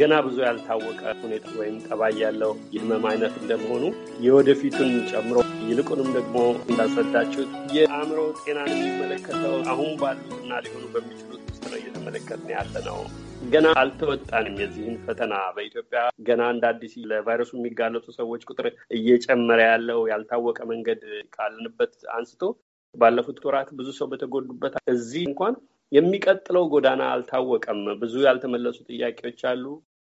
ገና ብዙ ያልታወቀ ሁኔታ ወይም ጠባይ ያለው የህመም አይነት እንደመሆኑ የወደፊቱን ጨምሮ ይልቁንም ደግሞ እንዳስረዳችሁት የአእምሮ ጤናን የሚመለከተው አሁን ባሉትና ሊሆኑ በሚችሉት ውስጥ ነው እየተመለከትን ያለ ነው። ገና አልተወጣንም የዚህን ፈተና። በኢትዮጵያ ገና እንደ አዲስ ለቫይረሱ የሚጋለጡ ሰዎች ቁጥር እየጨመረ ያለው ያልታወቀ መንገድ ካለንበት አንስቶ ባለፉት ወራት ብዙ ሰው በተጎዱበት እዚህ እንኳን የሚቀጥለው ጎዳና አልታወቀም። ብዙ ያልተመለሱ ጥያቄዎች አሉ።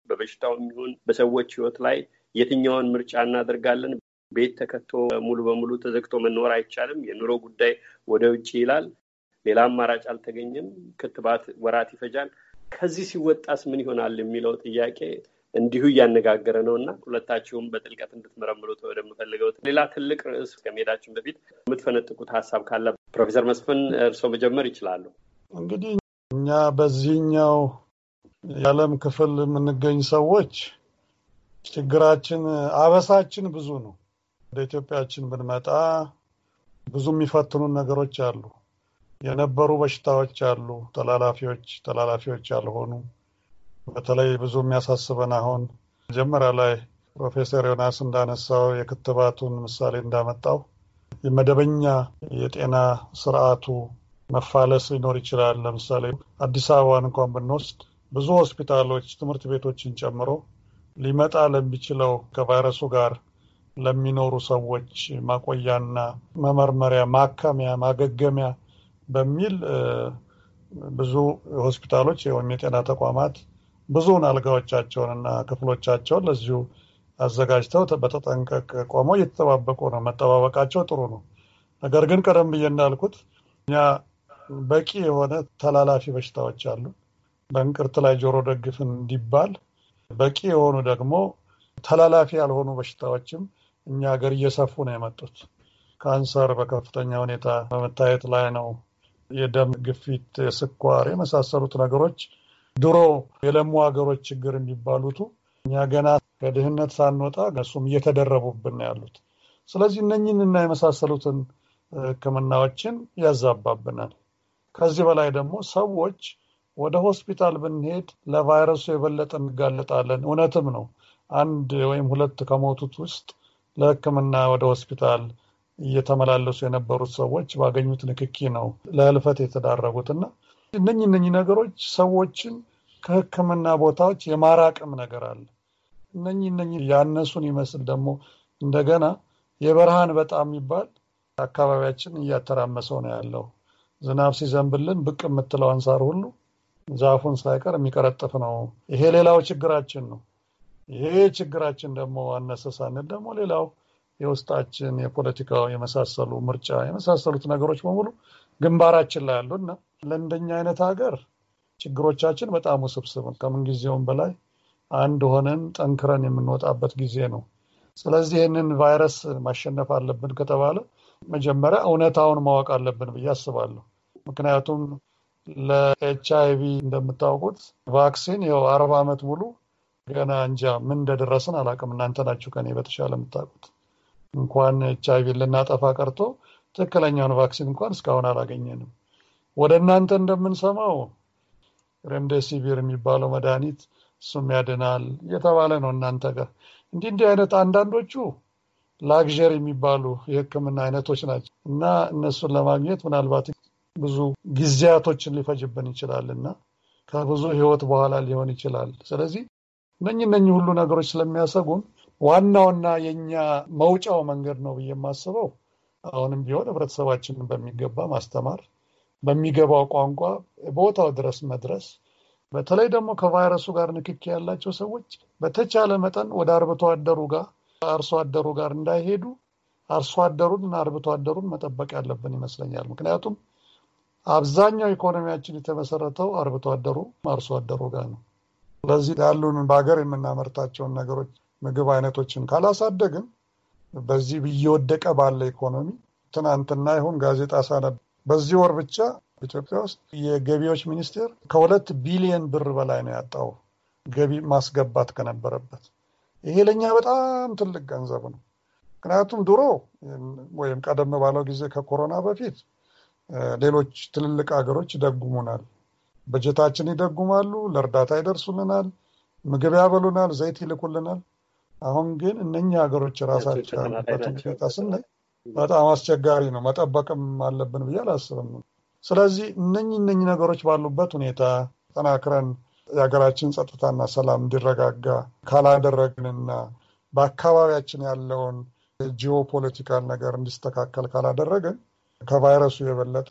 በበሽታውም ይሁን በሰዎች ህይወት ላይ የትኛውን ምርጫ እናደርጋለን? ቤት ተከቶ ሙሉ በሙሉ ተዘግቶ መኖር አይቻልም። የኑሮ ጉዳይ ወደ ውጭ ይላል። ሌላ አማራጭ አልተገኘም። ክትባት ወራት ይፈጃል። ከዚህ ሲወጣስ ምን ይሆናል የሚለው ጥያቄ እንዲሁ እያነጋገረ ነው እና ሁለታችሁም በጥልቀት እንድትመረምሩት ወደምፈልገው ሌላ ትልቅ ርዕስ ከመሄዳችን በፊት የምትፈነጥቁት ሀሳብ ካለ ፕሮፌሰር መስፍን እርስዎ መጀመር ይችላሉ። እንግዲህ እኛ በዚህኛው የዓለም ክፍል የምንገኝ ሰዎች ችግራችን አበሳችን ብዙ ነው። ወደ ኢትዮጵያችን ብንመጣ ብዙ የሚፈትኑ ነገሮች አሉ። የነበሩ በሽታዎች አሉ፣ ተላላፊዎች፣ ተላላፊዎች ያልሆኑ። በተለይ ብዙ የሚያሳስበን አሁን መጀመሪያ ላይ ፕሮፌሰር ዮናስ እንዳነሳው የክትባቱን ምሳሌ እንዳመጣው የመደበኛ የጤና ስርዓቱ መፋለስ ሊኖር ይችላል። ለምሳሌ አዲስ አበባን እንኳን ብንወስድ ብዙ ሆስፒታሎች፣ ትምህርት ቤቶችን ጨምሮ ሊመጣ ለሚችለው ከቫይረሱ ጋር ለሚኖሩ ሰዎች ማቆያና መመርመሪያ፣ ማከሚያ፣ ማገገሚያ በሚል ብዙ ሆስፒታሎች ወይም የጤና ተቋማት ብዙውን እና ክፍሎቻቸውን ለዚሁ አዘጋጅተው በተጠንቀቅ ቆመው እየተጠባበቁ ነው። መጠባበቃቸው ጥሩ ነው። ነገር ግን ቀደም ብዬ እንዳልኩት እኛ በቂ የሆነ ተላላፊ በሽታዎች አሉ። በእንቅርት ላይ ጆሮ ደግፍ እንዲባል በቂ የሆኑ ደግሞ ተላላፊ ያልሆኑ በሽታዎችም እኛ ሀገር እየሰፉ ነው የመጡት። ካንሰር በከፍተኛ ሁኔታ በመታየት ላይ ነው። የደም ግፊት፣ ስኳር የመሳሰሉት ነገሮች ድሮ የለሙ ሀገሮች ችግር የሚባሉቱ እኛ ገና ከድህነት ሳንወጣ እነሱም እየተደረቡብን ነው ያሉት። ስለዚህ እነኝህንና የመሳሰሉትን ሕክምናዎችን ያዛባብናል። ከዚህ በላይ ደግሞ ሰዎች ወደ ሆስፒታል ብንሄድ ለቫይረሱ የበለጠ እንጋለጣለን። እውነትም ነው። አንድ ወይም ሁለት ከሞቱት ውስጥ ለሕክምና ወደ ሆስፒታል እየተመላለሱ የነበሩት ሰዎች ባገኙት ንክኪ ነው ለህልፈት የተዳረጉት እና እነኝ እነኝ ነገሮች ሰዎችን ከሕክምና ቦታዎች የማራቅም ነገር አለ። እነኝ እነኝ ያነሱን ይመስል ደግሞ እንደገና የበረሃን በጣም የሚባል አካባቢያችን እያተራመሰው ነው ያለው። ዝናብ ሲዘንብልን ብቅ የምትለው አንሳር ሁሉ ዛፉን ሳይቀር የሚቀረጥፍ ነው። ይሄ ሌላው ችግራችን ነው። ይሄ ችግራችን ደግሞ አነሰሳነት ደግሞ ሌላው የውስጣችን የፖለቲካው የመሳሰሉ ምርጫ የመሳሰሉት ነገሮች በሙሉ ግንባራችን ላይ አሉ እና ለእንደኛ አይነት ሀገር ችግሮቻችን በጣም ውስብስብ ከምንጊዜውም በላይ አንድ ሆነን ጠንክረን የምንወጣበት ጊዜ ነው። ስለዚህ ይህንን ቫይረስ ማሸነፍ አለብን ከተባለ መጀመሪያ እውነታውን ማወቅ አለብን ብዬ አስባለሁ። ምክንያቱም ለኤች አይ ቪ እንደምታውቁት ቫክሲን ይኸው አርባ ዓመት ሙሉ ገና እንጃ ምን እንደደረስን አላውቅም። እናንተ ናችሁ ከኔ በተሻለ የምታውቁት። እንኳን ኤች አይ ቪ ልናጠፋ ቀርቶ ትክክለኛውን ቫክሲን እንኳን እስካሁን አላገኘንም። ወደ እናንተ እንደምንሰማው ሬምዴሲቪር የሚባለው መድኃኒት እሱም ያድናል እየተባለ ነው እናንተ ጋር። እንዲህ እንዲህ አይነት አንዳንዶቹ ላግዠሪ የሚባሉ የሕክምና አይነቶች ናቸው እና እነሱን ለማግኘት ምናልባት ብዙ ጊዜያቶችን ሊፈጅብን ይችላል እና ከብዙ ህይወት በኋላ ሊሆን ይችላል። ስለዚህ እነኝ እነኝ ሁሉ ነገሮች ስለሚያሰጉን ዋናውና የኛ መውጫው መንገድ ነው ብዬ የማስበው አሁንም ቢሆን ህብረተሰባችንን በሚገባ ማስተማር፣ በሚገባው ቋንቋ ቦታው ድረስ መድረስ፣ በተለይ ደግሞ ከቫይረሱ ጋር ንክኪ ያላቸው ሰዎች በተቻለ መጠን ወደ አርብቶ አደሩ ጋር አርሶ አደሩ ጋር እንዳይሄዱ አርሶ አደሩን እና አርብቶ አደሩን መጠበቅ ያለብን ይመስለኛል። ምክንያቱም አብዛኛው ኢኮኖሚያችን የተመሰረተው አርብቶ አደሩ አርሶ አደሩ ጋር ነው። ስለዚህ ያሉን በሀገር የምናመርታቸውን ነገሮች ምግብ አይነቶችን ካላሳደግን በዚህ እየወደቀ ባለ ኢኮኖሚ ትናንትና ይሁን ጋዜጣ ሳነብ በዚህ ወር ብቻ ኢትዮጵያ ውስጥ የገቢዎች ሚኒስቴር ከሁለት ቢሊየን ብር በላይ ነው ያጣው ገቢ ማስገባት ከነበረበት። ይሄ ለእኛ በጣም ትልቅ ገንዘብ ነው። ምክንያቱም ድሮ ወይም ቀደም ባለው ጊዜ ከኮሮና በፊት ሌሎች ትልልቅ ሀገሮች ይደጉሙናል። በጀታችን ይደጉማሉ፣ ለእርዳታ ይደርሱልናል፣ ምግብ ያበሉናል፣ ዘይት ይልኩልናል። አሁን ግን እነኛ ሀገሮች ራሳቸው ያሉበትን ሁኔታ ስናይ በጣም አስቸጋሪ ነው። መጠበቅም አለብን ብዬ አላስብም። ስለዚህ እነኝ እነኝ ነገሮች ባሉበት ሁኔታ ጠናክረን የሀገራችን ጸጥታና ሰላም እንዲረጋጋ ካላደረግንና በአካባቢያችን ያለውን ጂኦፖለቲካል ነገር እንዲስተካከል ካላደረግን ከቫይረሱ የበለጠ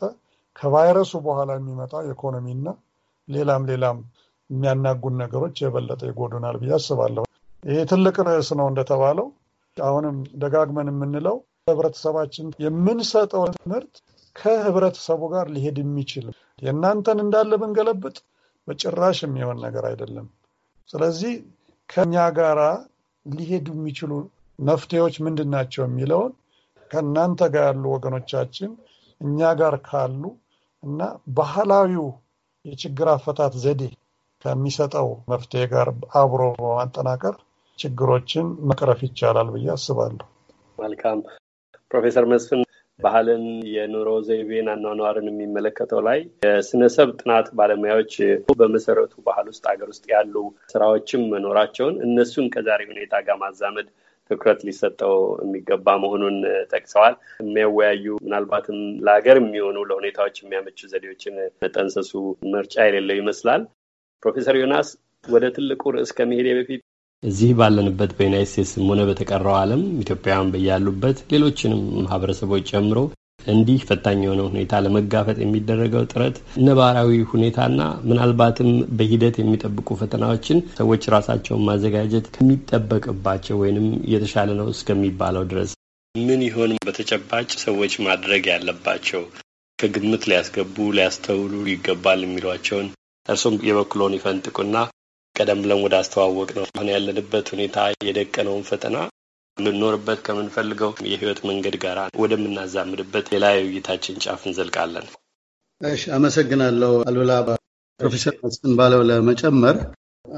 ከቫይረሱ በኋላ የሚመጣው ኢኮኖሚና ሌላም ሌላም የሚያናጉን ነገሮች የበለጠ ይጎዱናል ብዬ አስባለሁ። ይህ ትልቅ ርዕስ ነው እንደተባለው አሁንም ደጋግመን የምንለው ህብረተሰባችን የምንሰጠው ትምህርት ከህብረተሰቡ ጋር ሊሄድ የሚችል የእናንተን እንዳለ ብንገለብጥ በጭራሽ የሚሆን ነገር አይደለም። ስለዚህ ከኛ ጋራ ሊሄዱ የሚችሉ መፍትሄዎች ምንድን ናቸው የሚለውን ከእናንተ ጋር ያሉ ወገኖቻችን እኛ ጋር ካሉ እና ባህላዊው የችግር አፈታት ዘዴ ከሚሰጠው መፍትሄ ጋር አብሮ በማጠናቀር ችግሮችን መቅረፍ ይቻላል ብዬ አስባለሁ። መልካም ፕሮፌሰር መስፍን ባህልን፣ የኑሮ ዘይቤን፣ አኗኗርን የሚመለከተው ላይ የስነሰብ ጥናት ባለሙያዎች በመሰረቱ ባህል ውስጥ አገር ውስጥ ያሉ ስራዎችም መኖራቸውን እነሱን ከዛሬ ሁኔታ ጋር ማዛመድ ትኩረት ሊሰጠው የሚገባ መሆኑን ጠቅሰዋል። የሚያወያዩ ምናልባትም ለሀገር የሚሆኑ ለሁኔታዎች የሚያመቹ ዘዴዎችን መጠንሰሱ ምርጫ የሌለው ይመስላል። ፕሮፌሰር ዮናስ ወደ ትልቁ ርዕስ ከመሄድ በፊት እዚህ ባለንበት በዩናይት ስቴትስም ሆነ በተቀረው ዓለም ኢትዮጵያውያን በያሉበት ሌሎችንም ማህበረሰቦች ጨምሮ እንዲህ ፈታኝ የሆነ ሁኔታ ለመጋፈጥ የሚደረገው ጥረት ነባራዊ ሁኔታና ምናልባትም በሂደት የሚጠብቁ ፈተናዎችን ሰዎች ራሳቸውን ማዘጋጀት ከሚጠበቅባቸው ወይንም የተሻለ ነው እስከሚባለው ድረስ ምን ይሆን በተጨባጭ ሰዎች ማድረግ ያለባቸው ከግምት ሊያስገቡ ሊያስተውሉ ይገባል የሚሏቸውን እርሱም የበኩሎን ይፈንጥቁና ቀደም ብለን ወደ አስተዋወቅ ነው አሁን ያለንበት ሁኔታ የደቀነውን ፈተና የምንኖርበት ከምንፈልገው የህይወት መንገድ ጋር ወደምናዛምድበት ሌላ የውይይታችን ጫፍ እንዘልቃለን። እሺ፣ አመሰግናለሁ አሉላ። ፕሮፌሰር መስፍን ባለው ለመጨመር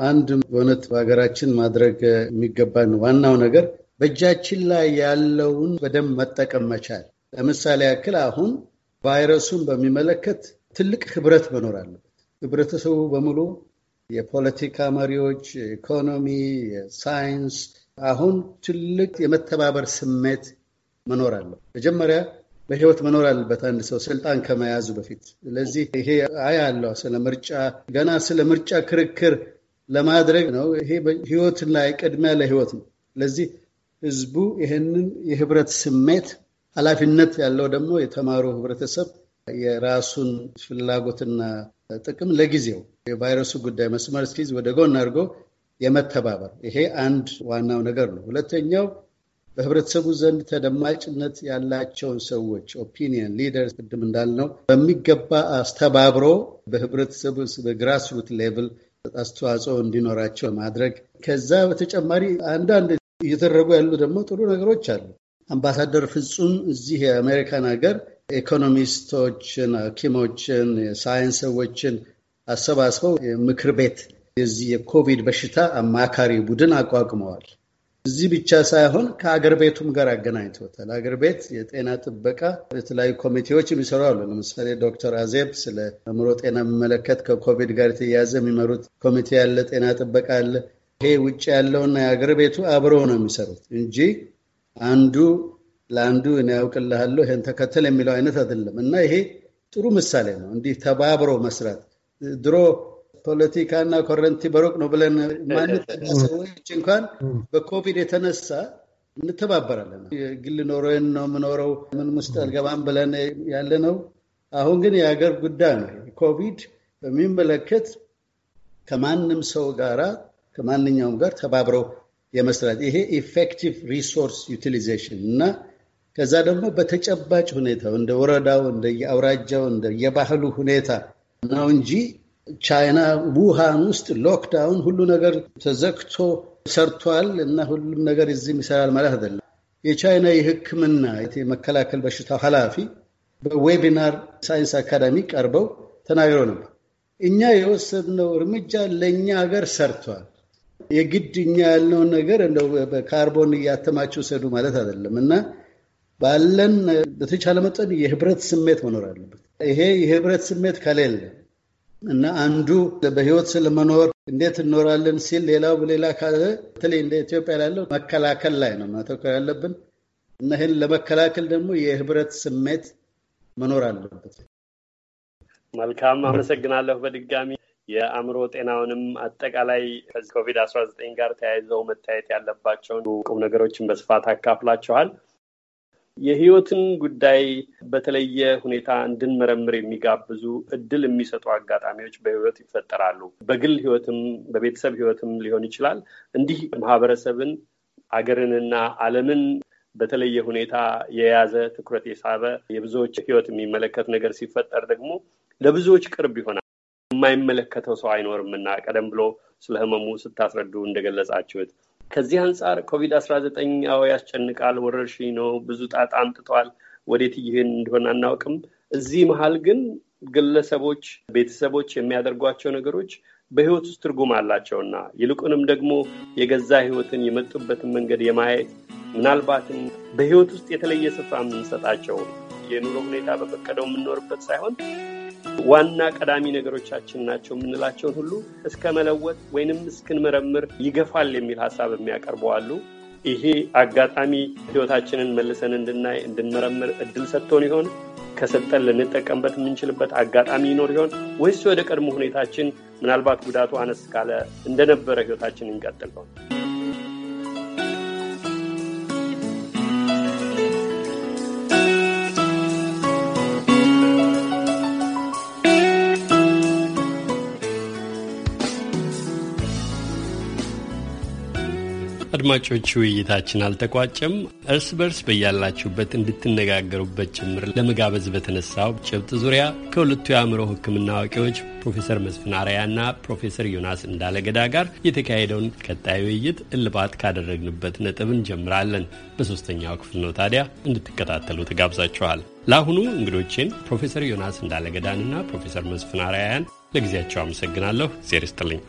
አንድ በእውነት በሀገራችን ማድረግ የሚገባን ዋናው ነገር በእጃችን ላይ ያለውን በደንብ መጠቀም መቻል። ለምሳሌ ያክል አሁን ቫይረሱን በሚመለከት ትልቅ ህብረት መኖር አለበት። ህብረተሰቡ በሙሉ የፖለቲካ መሪዎች፣ የኢኮኖሚ፣ የሳይንስ፣ አሁን ትልቅ የመተባበር ስሜት መኖር አለው። መጀመሪያ በህይወት መኖር አለበት አንድ ሰው ስልጣን ከመያዙ በፊት። ስለዚህ ይሄ አይ አለው ስለ ምርጫ ገና ስለ ምርጫ ክርክር ለማድረግ ነው። ይሄ ህይወት ላይ ቅድሚያ ለህይወት ነው። ስለዚህ ህዝቡ ይህንን የህብረት ስሜት ኃላፊነት ያለው ደግሞ የተማሩ ህብረተሰብ የራሱን ፍላጎትና ጥቅም ለጊዜው የቫይረሱ ጉዳይ መስመር ሲይዝ ወደ ጎን አድርጎ የመተባበር ይሄ አንድ ዋናው ነገር ነው። ሁለተኛው በህብረተሰቡ ዘንድ ተደማጭነት ያላቸውን ሰዎች ኦፒኒየን ሊደርስ ቅድም እንዳልነው በሚገባ አስተባብሮ በህብረተሰቡ በግራስሩት ሌቭል አስተዋጽኦ እንዲኖራቸው ማድረግ። ከዛ በተጨማሪ አንዳንድ እየተደረጉ ያሉ ደግሞ ጥሩ ነገሮች አሉ። አምባሳደር ፍጹም እዚህ የአሜሪካን ሀገር ኢኮኖሚስቶችን፣ ሐኪሞችን፣ የሳይንስ ሰዎችን አሰባስበው ምክር ቤት የዚህ የኮቪድ በሽታ አማካሪ ቡድን አቋቁመዋል። እዚህ ብቻ ሳይሆን ከአገር ቤቱም ጋር አገናኝቶታል። አገር ቤት የጤና ጥበቃ የተለያዩ ኮሚቴዎች የሚሰሩ አሉ። ለምሳሌ ዶክተር አዜብ ስለ አእምሮ ጤና የሚመለከት ከኮቪድ ጋር የተያያዘ የሚመሩት ኮሚቴ ያለ፣ ጤና ጥበቃ አለ። ይሄ ውጭ ያለውና የአገር ቤቱ አብረው ነው የሚሰሩት እንጂ አንዱ ለአንዱ እኔ ያውቅልሃለሁ ይህን ተከተል የሚለው አይነት አይደለም እና ይሄ ጥሩ ምሳሌ ነው። እንዲህ ተባብሮ መስራት ድሮ ፖለቲካና ኮረንቲ በሩቅ ነው ብለን ማንጠጋ ሰዎች እንኳን በኮቪድ የተነሳ እንተባበራለን። የግል ኖሮን ነው የምኖረው ምን ውስጥ አልገባም ብለን ያለ ነው። አሁን ግን የሀገር ጉዳይ ነው። ኮቪድ በሚመለከት ከማንም ሰው ጋራ ከማንኛውም ጋር ተባብረው የመስራት ይሄ ኢፌክቲቭ ሪሶርስ ዩቲሊዜሽን እና ከዛ ደግሞ በተጨባጭ ሁኔታው እንደ ወረዳው እንደየአውራጃው እንደየባህሉ ሁኔታ ነው እንጂ ቻይና ውሃን ውስጥ ሎክዳውን ሁሉ ነገር ተዘግቶ ሰርቷል እና ሁሉም ነገር እዚህም ይሰራል ማለት አይደለም። የቻይና የሕክምና የመከላከል በሽታ ኃላፊ በዌቢናር ሳይንስ አካዳሚ ቀርበው ተናግረው ነበር። እኛ የወሰድነው እርምጃ ለእኛ ሀገር ሰርቷል። የግድ እኛ ያልነውን ነገር እንደው በካርቦን እያተማቸው ሰዱ ማለት አይደለም እና ባለን በተቻለ መጠን የህብረት ስሜት መኖር አለበት። ይሄ የህብረት ስሜት ከሌለ እና አንዱ በህይወት ስለመኖር እንዴት እንኖራለን ሲል ሌላው በሌላ ካለ በተለይ እንደ ኢትዮጵያ ላለው መከላከል ላይ ነው ማተኮር ያለብን እና ይህን ለመከላከል ደግሞ የህብረት ስሜት መኖር አለበት። መልካም አመሰግናለሁ። በድጋሚ የአእምሮ ጤናውንም አጠቃላይ ከዚህ ኮቪድ አስራ ዘጠኝ ጋር ተያይዘው መታየት ያለባቸውን ቁም ነገሮችን በስፋት አካፍላችኋል። የህይወትን ጉዳይ በተለየ ሁኔታ እንድንመረምር የሚጋብዙ እድል የሚሰጡ አጋጣሚዎች በህይወት ይፈጠራሉ። በግል ህይወትም በቤተሰብ ህይወትም ሊሆን ይችላል። እንዲህ ማህበረሰብን፣ አገርንና ዓለምን በተለየ ሁኔታ የያዘ ትኩረት የሳበ የብዙዎች ህይወት የሚመለከት ነገር ሲፈጠር ደግሞ ለብዙዎች ቅርብ ይሆናል። የማይመለከተው ሰው አይኖርምና ቀደም ብሎ ስለ ህመሙ ስታስረዱ እንደገለጻችሁት ከዚህ አንጻር ኮቪድ-19 አዎ ያስጨንቃል፣ ወረርሽኝ ነው፣ ብዙ ጣጣ አምጥቷል፣ ወዴት ይህን እንደሆነ አናውቅም። እዚህ መሀል ግን ግለሰቦች፣ ቤተሰቦች የሚያደርጓቸው ነገሮች በህይወት ውስጥ ትርጉም አላቸውና ይልቁንም ደግሞ የገዛ ህይወትን የመጡበትን መንገድ የማየት ምናልባትም በህይወት ውስጥ የተለየ ስፍራ የምንሰጣቸው የኑሮ ሁኔታ በፈቀደው የምንኖርበት ሳይሆን ዋና ቀዳሚ ነገሮቻችን ናቸው የምንላቸውን ሁሉ እስከ መለወጥ ወይንም እስክንመረምር ይገፋል የሚል ሀሳብ የሚያቀርበዋሉ። አሉ። ይሄ አጋጣሚ ህይወታችንን መልሰን እንድናይ እንድንመረምር እድል ሰጥቶን ይሆን? ከሰጠን ልንጠቀምበት የምንችልበት አጋጣሚ ይኖር ይሆን? ወይስ ወደ ቀድሞ ሁኔታችን ምናልባት ጉዳቱ አነስ ካለ እንደነበረ ህይወታችን እንቀጥል ይሆን? አድማጮቹ ውይይታችን አልተቋጨም። እርስ በርስ በያላችሁበት እንድትነጋገሩበት ጭምር ለመጋበዝ በተነሳው ጭብጥ ዙሪያ ከሁለቱ የአእምሮ ሕክምና አዋቂዎች ፕሮፌሰር መስፍን አርያና ፕሮፌሰር ዮናስ እንዳለገዳ ጋር የተካሄደውን ቀጣይ ውይይት እልባት ካደረግንበት ነጥብ እንጀምራለን። በሶስተኛው ክፍል ነው ታዲያ እንድትከታተሉ ተጋብዛችኋል። ለአሁኑ እንግዶቼን ፕሮፌሰር ዮናስ እንዳለገዳንና ፕሮፌሰር መስፍን አርያን ለጊዜያቸው አመሰግናለሁ። ዜር ይስጥልኝ።